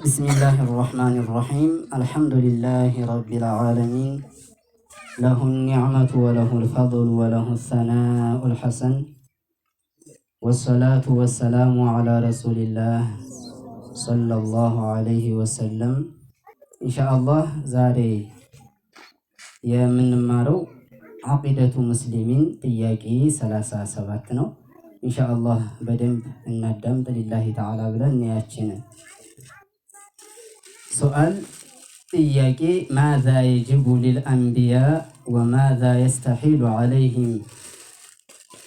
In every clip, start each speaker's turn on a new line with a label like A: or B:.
A: بسم الله الرحمن الرحيم الحمد لله رب العالمين له النعمة وله الفضل وله الثناء الحسن والصلاة والسلام على رسول الله صلى الله عليه وسلم إن شاء الله زاري يا من مارو عقيدة مسلمين تياكي سلاسة سباتنا إن شاء الله بدم الندم لله تعالى بلن ياتشنا ሱአል ጥያቄ ማዛ የጅቡ ሊልአንቢያ ወማዛ የስተሒሉ አለይህም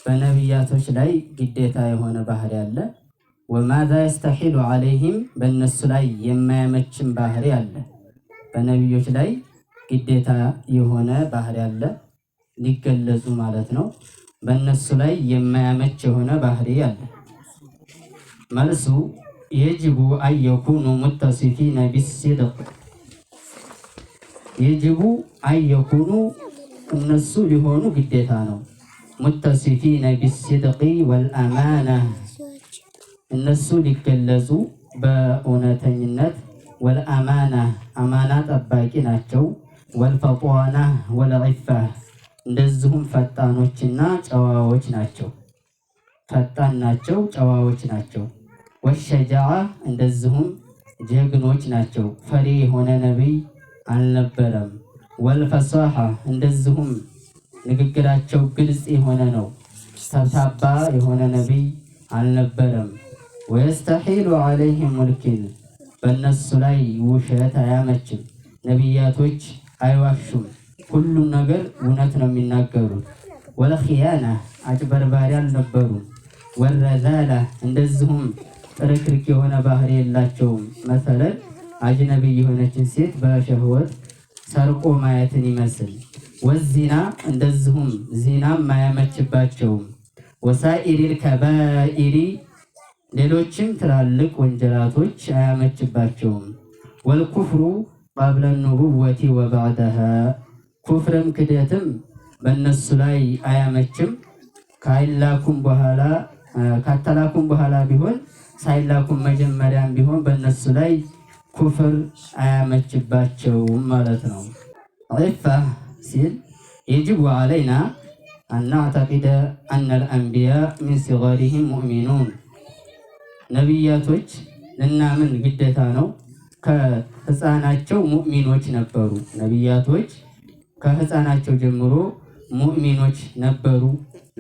A: በነቢያቶች ላይ ግዴታ የሆነ ባህሪ አለ። ወማዛ የስተሒሉ አለይህም በእነሱ ላይ የማያመችን ባህሪ አለ። በነቢዮች ላይ ግዴታ የሆነ ባህሪ አለ፣ ሊገለጹ ማለት ነው። በእነሱ ላይ የማያመች የሆነ ባህሪ አለ። መልሱ የጅቡ አየኩኑ የኩኑ ሙተሲፊነ ቢስድቅ የጅቡ አየኩኑ እነሱ ሊሆኑ ግዴታ ነው። ሙተሲፊነ ቢስድቂ ወልአማና እነሱ ሊገለጹ በእውነተኝነት ወልአማና አማና ጠባቂ ናቸው። ወልፈጧና ወልዒፋ እንደዚሁም ፈጣኖችና ጨዋዎች ናቸው። ፈጣን ናቸው፣ ጨዋዎች ናቸው። ወሸጃአ እንደዚሁም ጀግኖች ናቸው። ፈሪ የሆነ ነቢይ አልነበረም። ወልፈሳሐ እንደዚሁም ንግግራቸው ግልጽ የሆነ ነው። ሰብታባ የሆነ ነቢይ አልነበረም። ወየስተሒሉ ዓለይህም ሙልኪን በእነሱ ላይ ውሸት አያመችም። ነቢያቶች አይዋሹም፣ ሁሉም ነገር እውነት ነው የሚናገሩት። ወለኪያና አጭበርባሪ አልነበሩም። ወረዛላ እንደዚሁም ጥርቅርቅ የሆነ ባህሪ የላቸውም። መሰለን አጅነቢ የሆነችን ሴት በሸህወት ሰርቆ ማየትን ይመስል ወዚና እንደዚሁም ዚናም ማያመችባቸውም ወሳኢሪል ከባኢሪ ሌሎችም ትላልቅ ወንጀላቶች አያመችባቸውም። ወልኩፍሩ ቀብለ ኑቡወቲ ወባዕደሃ ኩፍርም ክደትም በእነሱ ላይ አያመችም። ካይላኩም በኋላ ካተላኩም በኋላ ቢሆን ሳይላኩ መጀመሪያም ቢሆን በእነሱ ላይ ኩፍር አያመችባቸውም ማለት ነው። ዒፋ ሲል የጅቡ አለይና አናዕተቂደ አነል አንቢያ ሚን ሲጋሪሂም ሙእሚኑን ነቢያቶች ልናምን ግዴታ ነው። ከህፃናቸው ሙእሚኖች ነበሩ። ነቢያቶች ከህፃናቸው ጀምሮ ሙእሚኖች ነበሩ።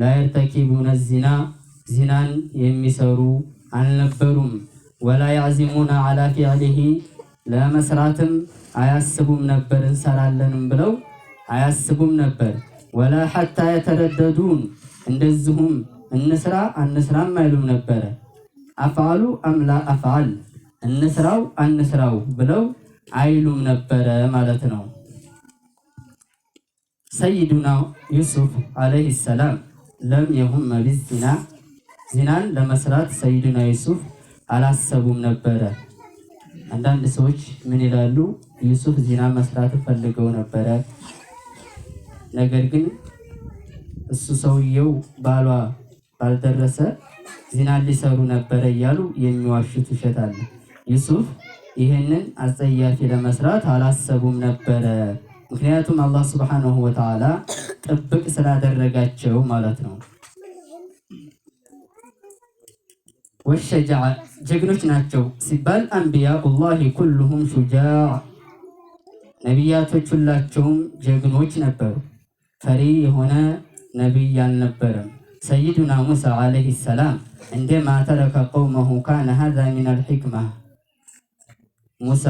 A: ላየርተኪቡነ ዚና ዚናን የሚሰሩ አልነበሩም። ወላ ያዕዚሙና አላ ፊዕሊሂ ለመስራትም አያስቡም ነበር፣ እንሰራለንም ብለው አያስቡም ነበር። ወላ ሐታ የተረደዱን እንደዚሁም እንስራ አንስራም አይሉም ነበረ። አፍዓሉ አምላ አፍዓል እንስራው አንስራው ብለው አይሉም ነበረ ማለት ነው። ሰይዱና ዩሱፍ ዓለይሂ ሰላም ለም የሁም ቢዝና ዚናን ለመስራት ሰይድና ዩሱፍ አላሰቡም ነበረ። አንዳንድ ሰዎች ምን ይላሉ? ዩሱፍ ዚና መስራት ፈልገው ነበረ፣ ነገር ግን እሱ ሰውየው ባሏ ባልደረሰ ዚና ሊሰሩ ነበረ እያሉ የሚዋሹት ውሸት አለ። ዩሱፍ ይህንን አጸያፊ ለመስራት አላሰቡም ነበረ። ምክንያቱም አላህ ሱብሓነሁ ወተዓላ ጥብቅ ስላደረጋቸው ማለት ነው። ወሸጃዓ ጀግኖች ናቸው ሲባል አንቢያኡላሂ ኩሉሁም ሹጃዕ ነቢያቶች ሁላቸውም ጀግኖች ነበሩ። ፈሪ የሆነ ነቢይ አልነበረም። ሰይዱና ሙሳ ዓለይሂ ሰላም እንደ ማተረከ ቀውመሁ ካነ ሃዛ ሚነል ሒክማ ሙሳ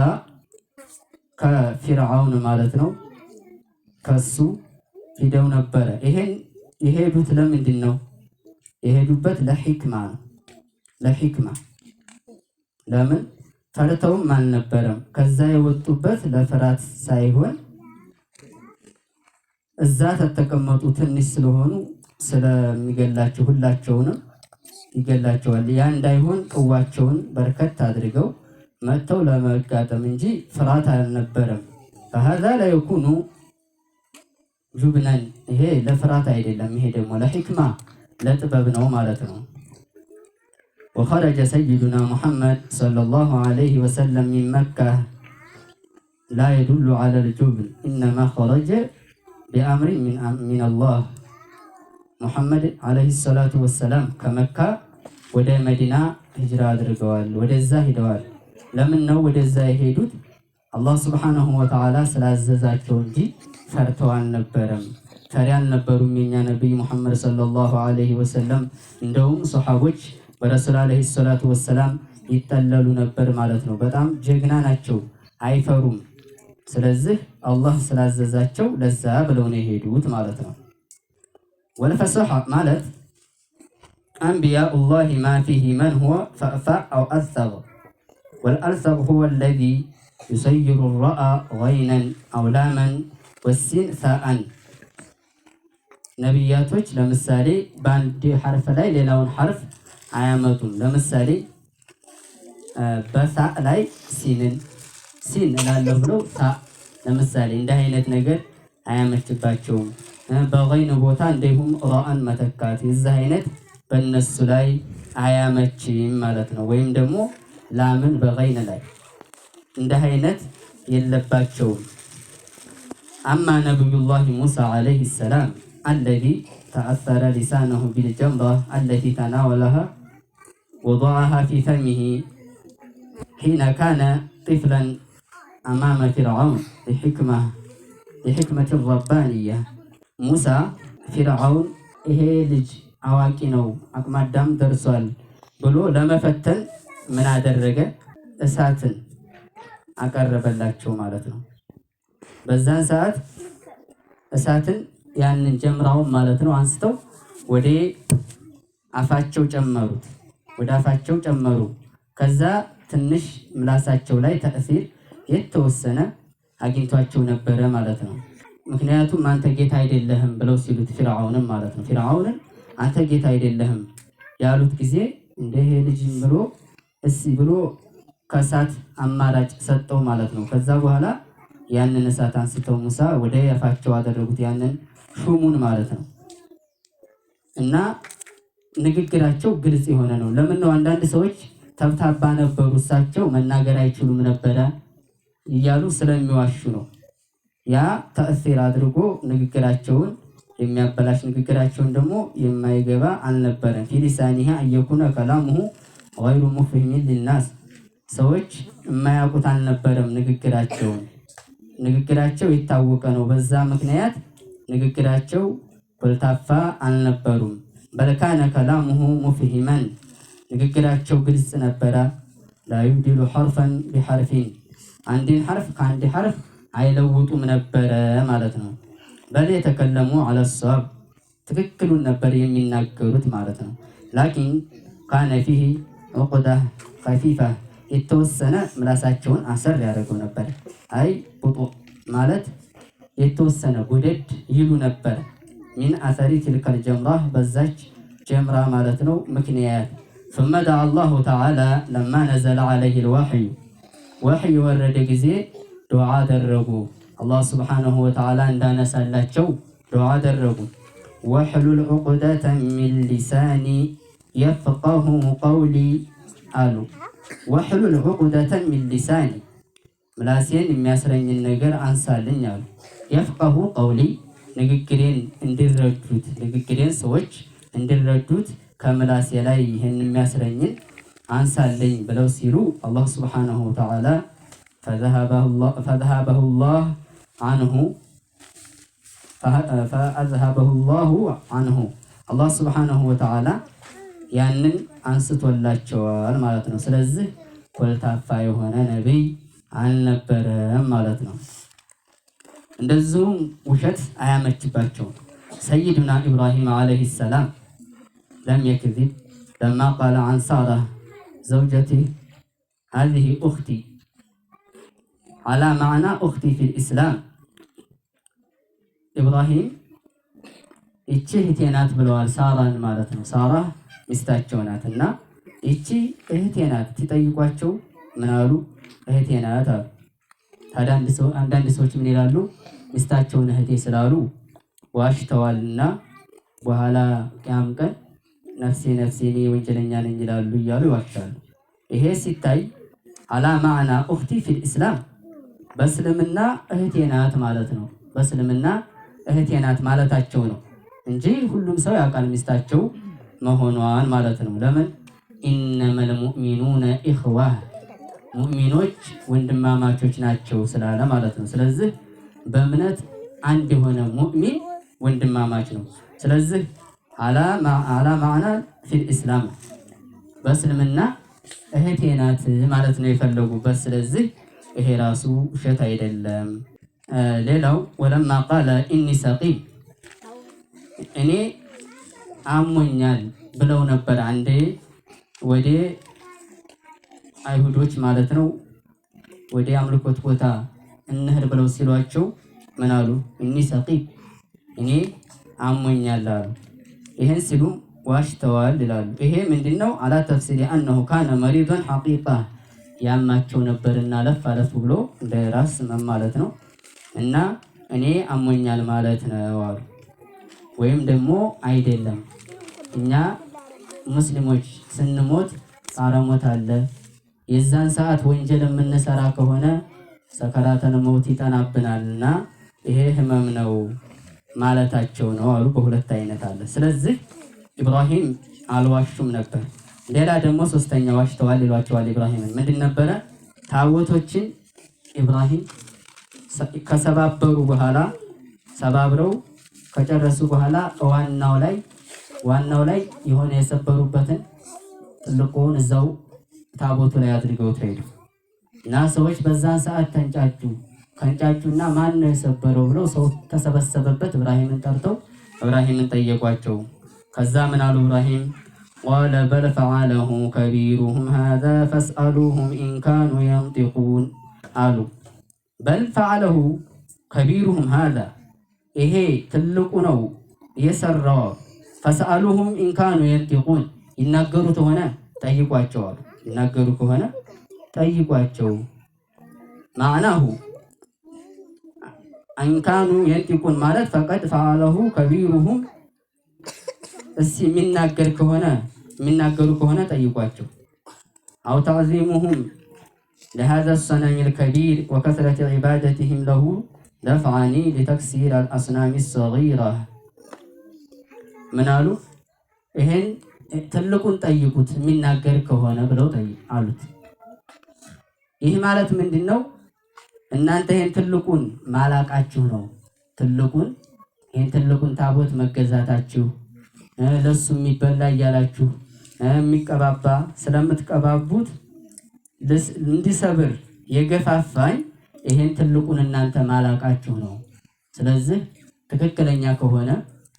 A: ከፊርዓውን ማለት ነው ከሱ ሂደው ነበረ። ይሄን የሄዱት ለምንድን ነው? የሄዱበት ለሒክማ ነው። ለሂክማ ለምን ፈርተውም አልነበረም። ከዛ የወጡበት ለፍርሃት ሳይሆን እዛ ተተቀመጡ ትንሽ ስለሆኑ ስለሚገላቸው ሁላቸውንም ይገላቸዋል። ያ እንዳይሆን ቅዋቸውን በርከት አድርገው መጥተው ለመጋጠም እንጂ ፍርሃት አልነበረም። በሀዛ ላይ የኩኑ ጁብነን ይሄ ለፍርሃት አይደለም። ይሄ ደግሞ ለሂክማ ለጥበብ ነው ማለት ነው። ወኸረጀ ሰይዱና ሙሐመድ ሰለላሁ ዐለይሂ ወሰለም ሚን መካ ላ የዱሉ ዐለል ጁብን ኢነማ ኸረጀ ቢአምሪ ሚን አላህ። ሙሐመድ ዐለይሂ ሰላቱ ወሰላም ከመካ ወደ መዲና ሂጅራ አድርገዋል። ወደዛ ሂደዋል። ለምን ነው ወደዛ የሄዱት? አላህ ስብሓነሁ ወተዓላ ስላዘዛቸው እንጂ ፈርተው አልነበረም። ፈሪ አልነበሩም የኛ ነቢይ ሙሐመድ ሰለላሁ ዐለይሂ ወሰለም። እንደውም ሰሓቦች ወረሱል ዓለይሂ ሰላቱ ወሰላም ይጠለሉ ነበር ማለት ነው። በጣም ጀግና ናቸው፣ አይፈሩም። ስለዚህ አላህ ስላዘዛቸው ለዛ ብለው ነው የሄዱት ማለት ነው። ወልፈሰሐ ማለት አንቢያኡላሂ ማ ፊሂ መን ሁወ ፈዕፋዕ አው አልሰብ ወልአልሰብ ሁወ አለዚ ዩሰይሩ ረአ ገይነን አው ላመን ወሲን ሳአን ነቢያቶች ለምሳሌ በአንድ ሐርፍ ላይ ሌላውን ሐርፍ አያመጡም። ለምሳሌ በሳ ላይ ሲንን ሲን እላለሁ ብለው ሳ ለምሳሌ እንዲህ አይነት ነገር አያመችባቸውም። በይን ቦታ እንዲሁም ረአን መተካት የዚህ አይነት በእነሱ ላይ አያመችም ማለት ነው። ወይም ደግሞ ላምን በይን ላይ እንዲህ አይነት የለባቸውም። አማ ነቢዩላህ ሙሳ ዓለይሂ ሰላም አለዚ ተአሰረ ሊሳነሁ ቢልጀምራ አለቲ ተናወለሃ ወضعها في فمه حين كان طفلا أمام فرعون لحكمة لحكمة الربانية ሙሳ ፊርዓውን ይሄ ልጅ አዋቂ ነው አቅማዳም ደርሷል ብሎ ለመፈተን ምን አደረገ? እሳትን አቀረበላቸው ማለት ነው። በዛን ሰዓት እሳትን ያንን ጀምራውን ማለት ነው አንስተው ወደ አፋቸው ጨመሩት። ወደ አፋቸው ጨመሩ። ከዛ ትንሽ ምላሳቸው ላይ ተእሲር የተወሰነ አግኝቷቸው ነበረ ማለት ነው። ምክንያቱም አንተ ጌታ አይደለህም ብለው ሲሉት ፊርዓውንም ማለት ነው። ፊርዓውንን አንተ ጌታ አይደለህም ያሉት ጊዜ እንደ ይሄ ልጅ ብሎ እስ ብሎ ከእሳት አማራጭ ሰጠው ማለት ነው። ከዛ በኋላ ያንን እሳት አንስተው ሙሳ ወደ ያፋቸው አደረጉት፣ ያንን ሹሙን ማለት ነው እና ንግግራቸው ግልጽ የሆነ ነው። ለምን ነው አንዳንድ ሰዎች ተብታባ ነበሩ፣ እሳቸው መናገር አይችሉም ነበረ እያሉ ስለሚዋሹ ነው። ያ ተእሲር አድርጎ ንግግራቸውን የሚያበላሽ ንግግራቸውን ደግሞ የማይገባ አልነበረም። ፊሊሳኒሃ እየኩነ ከላሙሁ ወይሩ ሙፍሂሚን ሊናስ ሰዎች የማያውቁት አልነበረም ንግግራቸውን ንግግራቸው የታወቀ ነው። በዛ ምክንያት ንግግራቸው ኮልታፋ አልነበሩም። በልካነ ከላሙሁ ሙፍሂመን ንግግራቸው ግልጽ ነበረ። ላዩብዲሉ ሐርፈን ቢሐርፊን አንድን ሐርፍ ከአንድ ሐርፍ አይለውጡም ነበረ ማለት ነው። በል የተከለሙ አለሷብ ትክክሉን ነበር የሚናገሩት ማለት ነው። ላኪን ካነ ፊህ ዑቁዳ ከፊፋ የተወሰነ ምላሳቸውን አሰር ያደርገው ነበር። አይ ቡጡ ማለት የተወሰነ ጉደድ ይሉ ነበር ሚን አሰሪ ትልከል ጀምራ በዛች ጀምራ ማለት ነው ምክንያት ثم دعا الله تعالى لما نزل عليه الوحي ወሕይ የወረደ ጊዜ ዱዓ አደረጉ። አላህ ስብሓነሁ ወተዓላ እንዳነሳላቸው ዱዓ አደረጉ። ወሕሉል ዑቅደተ ሚን ሊሳኒ የፍቀሁ ቀውሊ አሉ። ወሕሉል ዑቅደተ ሚን ሊሳኒ ምላሴን የሚያስረኝን ነገር አንሳልኝ አሉ። የፍቀሁ ቀውሊ ንግግሬን እንዲረዱት ንግግሬን ሰዎች እንዲረዱት ከምላሴ ላይ ይህን የሚያስረኝን አንሳለኝ ብለው ሲሉ አላህ ስብሓነሁ ወተዓላ ፈዘሀበሁ ላህ አንሁ ፈአዝሀበሁ ላሁ አንሁ አላህ ስብሓነሁ ወተዓላ ያንን አንስቶላቸዋል ማለት ነው። ስለዚህ ኮልታፋ የሆነ ነቢይ አልነበረም ማለት ነው። እንደዚሁም ውሸት አያመችባቸውም። ሰይድና ኢብራሂም ዓለይሂ ሰላም ለም የክዚብ ለማ ቃለ አን ሳራ ዘውጀቲ ሀዚህ ኡክቲ አላ ማዕና ኡክቲ ፊል ኢስላም ኢብራሂም ይቺ እህቴ ናት ብለዋል። ሳራን ማለት ነው። ሳራ ሚስታቸው ናት እና ይቺ እህቴ ናት ሲጠይቋቸው ምናሉ? እህቴ ናት አሉ። ታዲያ አንዳንድ ሰዎች ምን ይላሉ? ሚስታቸውን እህቴ ስላሉ ዋሽተዋልና በኋላ ቅያም ቀን ነፍሴ ነፍሴ እኔ ወንጀለኛ ነኝ ይላሉ እያሉ ይዋሻሉ። ይሄ ሲታይ አላ ማዕና ኡክቲ ፊል ኢስላም በእስልምና እህቴ ናት ማለት ነው። በእስልምና እህቴ ናት ማለታቸው ነው እንጂ ሁሉም ሰው ያውቃል ሚስታቸው መሆኗን ማለት ነው። ለምን ኢነመል ሙእሚኑነ ኢኽዋ ሙእሚኖች ወንድማማቾች ናቸው ስላለ ማለት ነው። ስለዚህ በእምነት አንድ የሆነ ሙእሚን ወንድማማች ነው። ስለዚህ አላ ማዕና ፊል ኢስላም በእስልምና እህቴ ናት ማለት ነው የፈለጉበት። ስለዚህ ይሄ ራሱ ውሸት አይደለም። ሌላው ወለማ ቃለ ኢኒ ሰቂም እኔ አሞኛል ብለው ነበር አንዴ ወዴ አይሁዶች ማለት ነው ወደ አምልኮት ቦታ እንሂድ ብለው ሲሏቸው ምን አሉ? እኒ ሰቂ እኔ አሞኛል አሉ። ይህን ሲሉ ዋሽተዋል ይላሉ። ይሄ ምንድነው? አላ ተፍሲሪ አነሁ ካነ መሪዶን ሐቂቃ ያማቸው ነበርና ለፍ አለፍ ብሎ እንደ ራስ መም ማለት ነው እና እኔ አሞኛል ማለት ነው አሉ። ወይም ደግሞ አይደለም እኛ ሙስሊሞች ስንሞት ጻረ ሞት አለ የዛን ሰዓት ወንጀል የምንሰራ ከሆነ ሰከራተን መውት ይጠናብናልና ይሄ ህመም ነው ማለታቸው ነው አሉ። በሁለት አይነት አለ። ስለዚህ ኢብራሂም አልዋሹም ነበር። ሌላ ደግሞ ሶስተኛ ዋሽተዋል ይሏቸዋል። ኢብራሂምን ምንድን ነበረ? ታቦቶችን ኢብራሂም ከሰባበሩ በኋላ ሰባብረው ከጨረሱ በኋላ ዋናው ላይ ዋናው ላይ የሆነ የሰበሩበትን ትልቁን እዛው ታቦቱ ላይ አድርገው ተሄዱ እና ሰዎች በዛ ሰዓት ተንጫጩ። ከንጫጩና ማን ነው የሰበረው ብለው ሰው ተሰበሰበበት። እብራሂምን ጠርተው እብራሂምን ጠየቋቸው። ከዛ ምን አሉ እብራሂም ቃለ በል ፈዓለሁ ከቢሩሁም ሃዛ ፈስአሉሁም ኢንካኑ የንጢቁን አሉ። በል ፈዓለሁ ከቢሩሁም ሃዛ ይሄ ትልቁ ነው የሰራው። ፈስአሉሁም ኢንካኑ የንጢቁን ይናገሩ ተሆነ አሉ። ይናገሩ ከሆነ ጠይቋቸው። ማዕናሁ አንካኑ የንጢቁን ማለት ፈቀድ ፈአለሁ ከቢሩሁም እስ የሚናገር ከሆነ የሚናገሩ ከሆነ ጠይቋቸው። አው ተዕዚሙሁም ለሃዛ ሰነም ልከቢር ወከስረት ዒባደትህም ለሁ ደፍዓኒ ሊተክሲር አልአስናሚ ሰጊራ ምናሉ ይህን ትልቁን ጠይቁት የሚናገር ከሆነ ብለው አሉት። ይህ ማለት ምንድን ነው? እናንተ ይህን ትልቁን ማላቃችሁ ነው። ትልቁን ይህን ትልቁን ታቦት መገዛታችሁ ለሱ የሚበላ እያላችሁ የሚቀባባ ስለምትቀባቡት እንዲሰብር የገፋፋኝ ይህን ትልቁን እናንተ ማላቃችሁ ነው። ስለዚህ ትክክለኛ ከሆነ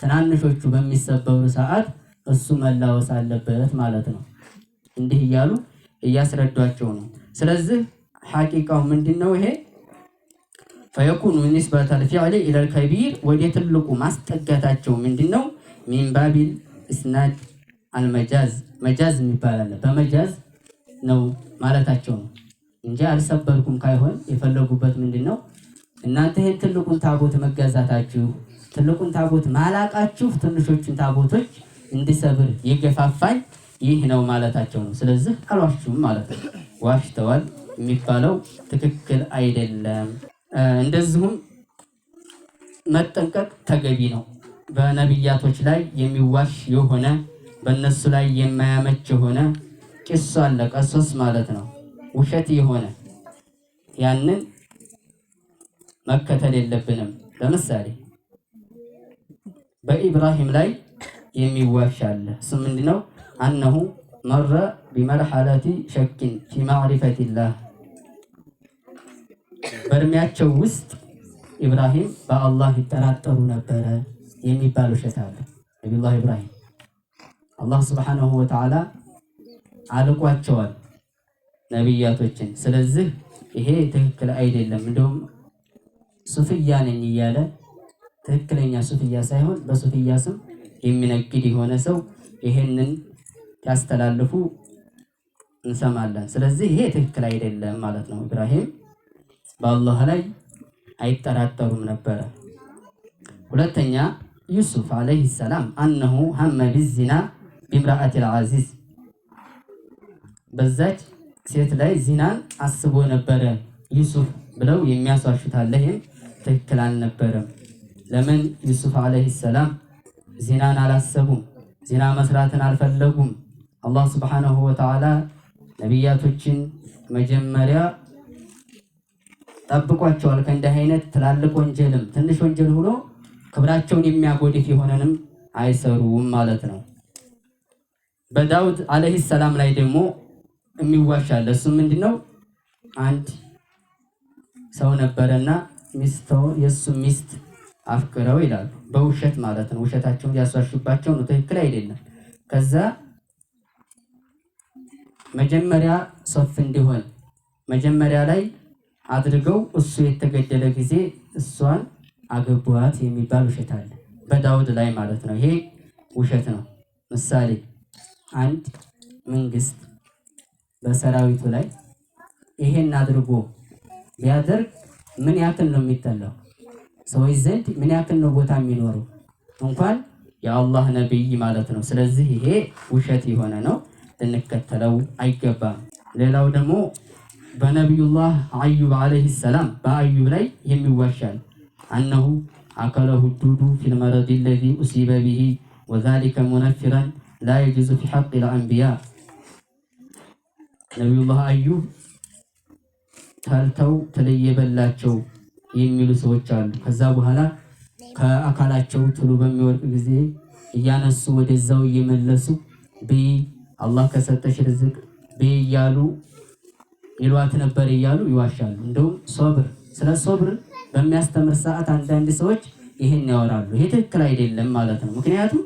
A: ትናንሾቹ በሚሰበሩ ሰዓት እሱ መላወስ አለበት ማለት ነው። እንዲህ እያሉ እያስረዷቸው ነው። ስለዚህ ሐቂቃው ምንድን ነው ይሄ ፈየኩኑ ኒስበተል ፊዕሊ ኢለል ከቢር ወደ ትልቁ ማስጠጋታቸው ምንድን ነው? ሚን ባቢል እስናድ አልመጃዝ መጃዝ የሚባል አለ። በመጃዝ ነው ማለታቸው ነው እንጂ አልሰበርኩም ካይሆን የፈለጉበት ምንድን ነው እናንተ ይህን ትልቁን ታቦት መገዛታችሁ፣ ትልቁን ታቦት ማላቃችሁ ትንሾቹን ታቦቶች እንድሰብር የገፋፋኝ ይህ ነው ማለታቸው ነው። ስለዚህ አሏችሁም ማለት ነው። ዋሽተዋል የሚባለው ትክክል አይደለም። እንደዚሁም መጠንቀቅ ተገቢ ነው። በነቢያቶች ላይ የሚዋሽ የሆነ በእነሱ ላይ የማያመች የሆነ ጭሱ አለ ቀሶስ ማለት ነው ውሸት የሆነ ያንን መከተል የለብንም። ለምሳሌ በኢብራሂም ላይ የሚዋሽ አለ እሱ ምንድነው? አነሁ መረ ቢመርሐለቲ ሸኪን ፊ ማዕሪፈቲላህ በእድሜያቸው ውስጥ ኢብራሂም በአላህ ይጠራጠሩ ነበረ የሚባል ውሸት አለ። ነቢዩላህ ኢብራሂም አላህ ስብሓነሁ ወተዓላ አልቋቸዋል ነቢያቶችን። ስለዚህ ይሄ ትክክል አይደለም፣ እንደውም ሱፍያ ነኝ እያለ ትክክለኛ ሱፍያ ሳይሆን በሱፍያ ስም የሚነግድ የሆነ ሰው ይሄንን ያስተላልፉ እንሰማለን። ስለዚህ ይሄ ትክክል አይደለም ማለት ነው። ኢብራሂም በአላህ ላይ አይጠራጠሩም ነበረ። ሁለተኛ ዩሱፍ አለይሂ ሰላም አነሁ ሀመ ቢዚና ቢምራአት ልዓዚዝ በዛች ሴት ላይ ዚናን አስቦ ነበረ ዩሱፍ ብለው የሚያስዋሹታለህም ትክክል አልነበረም። ለምን ዩሱፍ አለይሂ ሰላም ዜናን አላሰቡም። ዜና መስራትን አልፈለጉም። አላህ ስብሓነሁ ወተዓላ ነቢያቶችን መጀመሪያ ጠብቋቸዋል ከእንዲህ አይነት ትላልቅ ወንጀልም ትንሽ ወንጀል ሆኖ ክብራቸውን የሚያጎድፍ የሆነንም አይሰሩም ማለት ነው። በዳውድ አለይሂ ሰላም ላይ ደግሞ የሚዋሻል። እሱ ምንድን ነው? አንድ ሰው ነበረና ሚስት የእሱ ሚስት አፍቅረው ይላሉ በውሸት ማለት ነው። ውሸታቸውን ሊያስዋሹባቸው ነው። ትክክል አይደለም። ከዛ መጀመሪያ ሶፍ እንዲሆን መጀመሪያ ላይ አድርገው እሱ የተገደለ ጊዜ እሷን አገቧት የሚባል ውሸት አለ። በዳውድ ላይ ማለት ነው። ይሄ ውሸት ነው። ምሳሌ አንድ መንግስት በሰራዊቱ ላይ ይሄን አድርጎ ቢያደርግ ምን ያክል ነው የሚጠላው? ሰዎች ዘንድ ምን ያክል ነው ቦታ የሚኖሩ እንኳን የአላህ ነቢይ ማለት ነው። ስለዚህ ይሄ ውሸት የሆነ ነው፣ ልንከተለው አይገባም። ሌላው ደግሞ በነቢዩላህ አዩብ ዓለይሂ ሰላም በአዩብ ላይ የሚዋሻል አነሁ አከለሁ ዱዱ ፊልመረድ ለዚ ኡሲበ ብሂ ወዛሊከ ሙነፊረን ላ የጅዙ ፊ ሐቅ ልአንቢያ ነቢዩላህ አዩብ ተልተው ተለየበላቸው የሚሉ ሰዎች አሉ። ከዛ በኋላ ከአካላቸው ትሉ በሚወርቅ ጊዜ እያነሱ ወደዛው እየመለሱ ቤ አላህ ከሰጠሽ ርዝቅ ቤ እያሉ ይሏት ነበር እያሉ ይዋሻሉ። እንደውም ሶብር ስለ ሶብር በሚያስተምር ሰዓት አንዳንድ ሰዎች ይህን ያወራሉ። ይሄ ትክክል አይደለም ማለት ነው። ምክንያቱም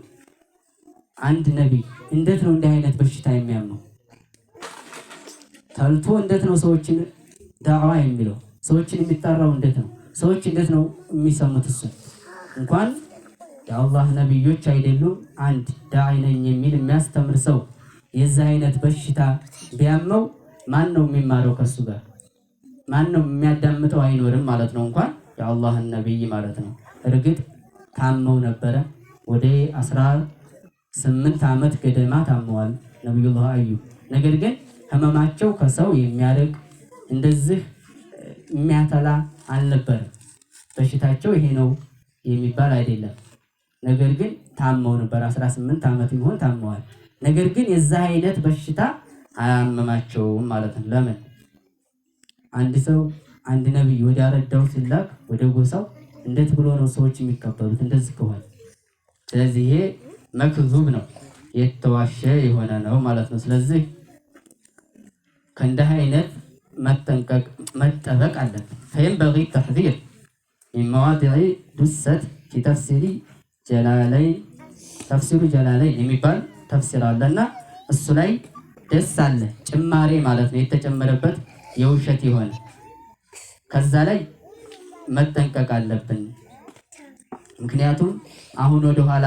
A: አንድ ነቢይ እንዴት ነው እንዲህ አይነት በሽታ የሚያምነው? ተልቶ እንዴት ነው ሰዎችን ዳዕዋ የሚለው ሰዎችን የሚጠራው እንዴት ነው? ሰዎች እንዴት ነው የሚሰሙት? እሱ እንኳን የአላህ ነቢዮች አይደሉም አንድ ዳዒ ነኝ የሚል የሚያስተምር ሰው የዚህ አይነት በሽታ ቢያመው ማን ነው የሚማረው ከሱ ጋር? ማን ነው የሚያዳምጠው? አይኖርም ማለት ነው። እንኳን የአላህን ነቢይ ማለት ነው። እርግጥ ታመው ነበረ። ወደ አስራ ስምንት ዓመት ገደማ ታመዋል ነቢዩላህ አዩ ነገር ግን ህመማቸው ከሰው የሚያርቅ እንደዚህ የሚያተላ አልነበርም። በሽታቸው ይሄ ነው የሚባል አይደለም። ነገር ግን ታመው ነበር። 18 ዓመት ቢሆን ታመዋል። ነገር ግን የዛ አይነት በሽታ አያመማቸውም ማለት ነው። ለምን አንድ ሰው አንድ ነብይ ወደ አረዳው ሲላክ ወደ ጎሳው እንዴት ብሎ ነው ሰዎች የሚቀበሉት? እንደዚህ ከሆነ ስለዚህ ይሄ መክዙብ ነው፣ የተዋሸ የሆነ ነው ማለት ነው። ስለዚህ ከእንዲህ አይነት መጠንቀቅ መጠበቅ አለብን። ፈየንበጊ ተሕዚር ሚን ዱሰት ፊ ተፍሲሪ ጀላለይን ተፍሲሩ ጀላለይን የሚባል ተፍሲር አለና እሱ ላይ ደስ አለ ጭማሬ ማለት ነው የተጨመረበት የውሸት የሆነ ከዛ ላይ መጠንቀቅ አለብን። ምክንያቱም አሁን ወደኋላ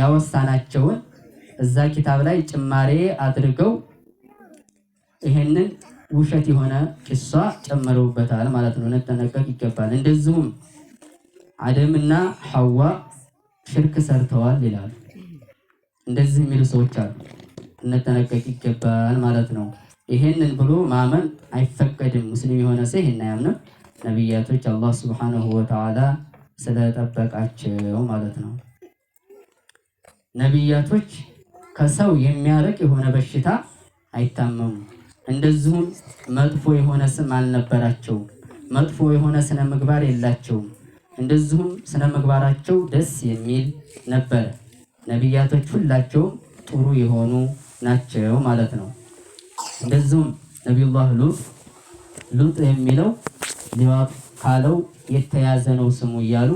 A: ያወሳናቸውን እዛ ኪታብ ላይ ጭማሬ አድርገው ይህንን ውሸት የሆነ ኪሳ ጨምረውበታል ማለት ነው። ልንጠነቀቅ ይገባል። እንደዚሁም አደምና ሐዋ ሽርክ ሰርተዋል ይላሉ። እንደዚህ የሚሉ ሰዎች አሉ። እንጠነቀቅ ይገባል ማለት ነው። ይሄንን ብሎ ማመን አይፈቀድም። ሙስሊም የሆነ ሰው ይሄን አያምንም። ነቢያቶች አላህ ሱብሓነሁ ወተዓላ ስለጠበቃቸው ማለት ነው። ነቢያቶች ከሰው የሚያርቅ የሆነ በሽታ አይታመሙም። እንደዚሁም መጥፎ የሆነ ስም አልነበራቸውም። መጥፎ የሆነ ስነ ምግባር የላቸውም። እንደዚሁም ስነ ምግባራቸው ደስ የሚል ነበር ነቢያቶች ሁላቸውም ጥሩ የሆኑ ናቸው ማለት ነው። እንደዚሁም ነቢዩላህ ሉጥ ሉጥ የሚለው ሊዋብ ካለው የተያዘ ነው ስሙ እያሉ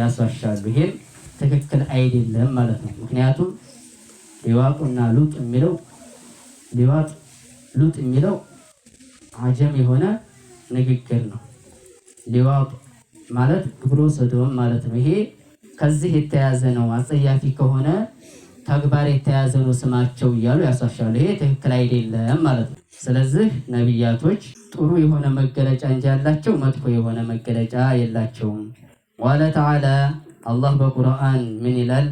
A: ያስዋሻሉ። ይሄም ትክክል አይደለም ማለት ነው። ምክንያቱም ሊዋቁና ሉጥ የሚለው ሊዋጥ ሉጥ የሚለው አጀም የሆነ ንግግር ነው። ሊዋጥ ማለት ግብረ ሰዶም ማለት ነው። ይሄ ከዚህ የተያዘ ነው። አጸያፊ ከሆነ ተግባር የተያዘ ነው ስማቸው እያሉ ያሳፍሻሉ። ይሄ ትክክል አይደለም ማለት ነው። ስለዚህ ነቢያቶች ጥሩ የሆነ መገለጫ እንጂ ያላቸው መጥፎ የሆነ መገለጫ የላቸውም። ዋለ ተዓላ አላህ በቁርአን ምን ይላል?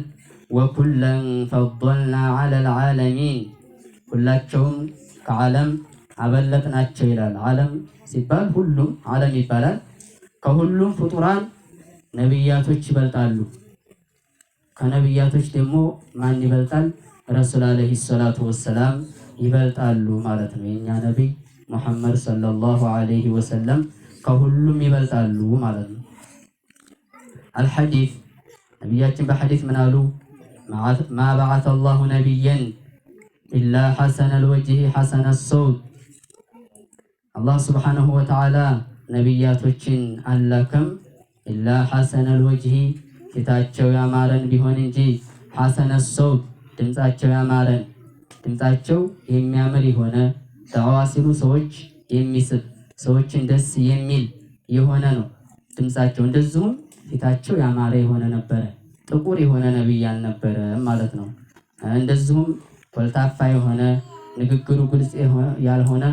A: ወኩለን ፈضልና ዐለል ልዓለሚን ሁላቸውም ከዓለም አበለጥናቸው ይላል። ዓለም ሲባል ሁሉም ዓለም ይባላል። ከሁሉም ፍጡራን ነቢያቶች ይበልጣሉ። ከነቢያቶች ደግሞ ማን ይበልጣል? ረሱል አለይሂ ሰላቱ ወሰላም ይበልጣሉ ማለት ነው። የኛ ነቢይ ሙሐመድ ሰለላሁ አለይሂ ወሰለም ከሁሉም ይበልጣሉ ማለት ነው። አልሐዲስ ነቢያችን በሐዲስ ምን አሉ? ማ በዓተ አላሁ ነቢየን ኢላ ሐሰነል ወጅህ ሐሰነ ሰውት አላህ ስብሓነሁ ወተዓላ ነቢያቶችን አላከም ኢላ ሐሰነል ወጅህ ፊታቸው ያማረን ቢሆን እንጂ ሐሰነ ሰውት ድምፃቸው ያማረን ድምፃቸው የሚያምር የሆነ ደዕዋ ሲሉ ሰዎች የሚስብ ሰዎችን ደስ የሚል የሆነ ነው ድምፃቸው። እንደዚሁም ፊታቸው ያማረ የሆነ ነበረ፣ ጥቁር የሆነ ነቢይ አልነበረም ማለት ነው። እንደዚሁም ኮልታፋ የሆነ ንግግሩ ግልጽ ያልሆነ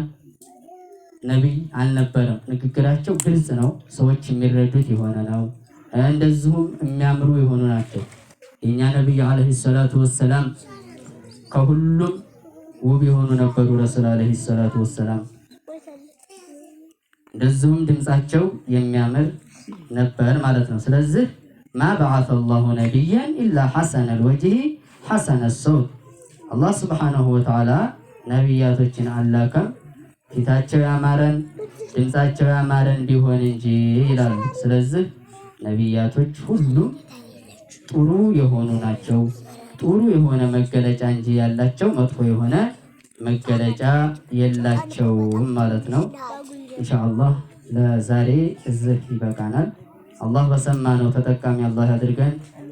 A: ነቢይ አልነበረም። ንግግራቸው ግልጽ ነው፣ ሰዎች የሚረዱት የሆነ ነው። እንደዚሁም የሚያምሩ የሆኑ ናቸው። የእኛ ነቢይ ዓለይሂ ሰላቱ ወሰላም ከሁሉም ውብ የሆኑ ነበሩ። ረሱል ዓለይሂ ሰላቱ ወሰላም እንደዚሁም ድምፃቸው የሚያምር ነበር ማለት ነው። ስለዚህ ማ በዓተ ላሁ ነቢያን ኢላ ሐሰነ ልወጅሂ ሐሰነ ሰውት አላህ ስብሓነሁ ወተዓላ ነቢያቶችን አላከም ፊታቸው ያማረን ድምፃቸው ያማረ እንዲሆን እንጂ ይላሉ። ስለዚህ ነቢያቶች ሁሉም ጥሩ የሆኑ ናቸው። ጥሩ የሆነ መገለጫ እንጂ ያላቸው መጥፎ የሆነ መገለጫ የላቸውም ማለት ነው። ኢንሻአላህ ለዛሬ እዚህ ይበቃናል። አላህ በሰማነው ተጠቃሚ አላህ አድርገን።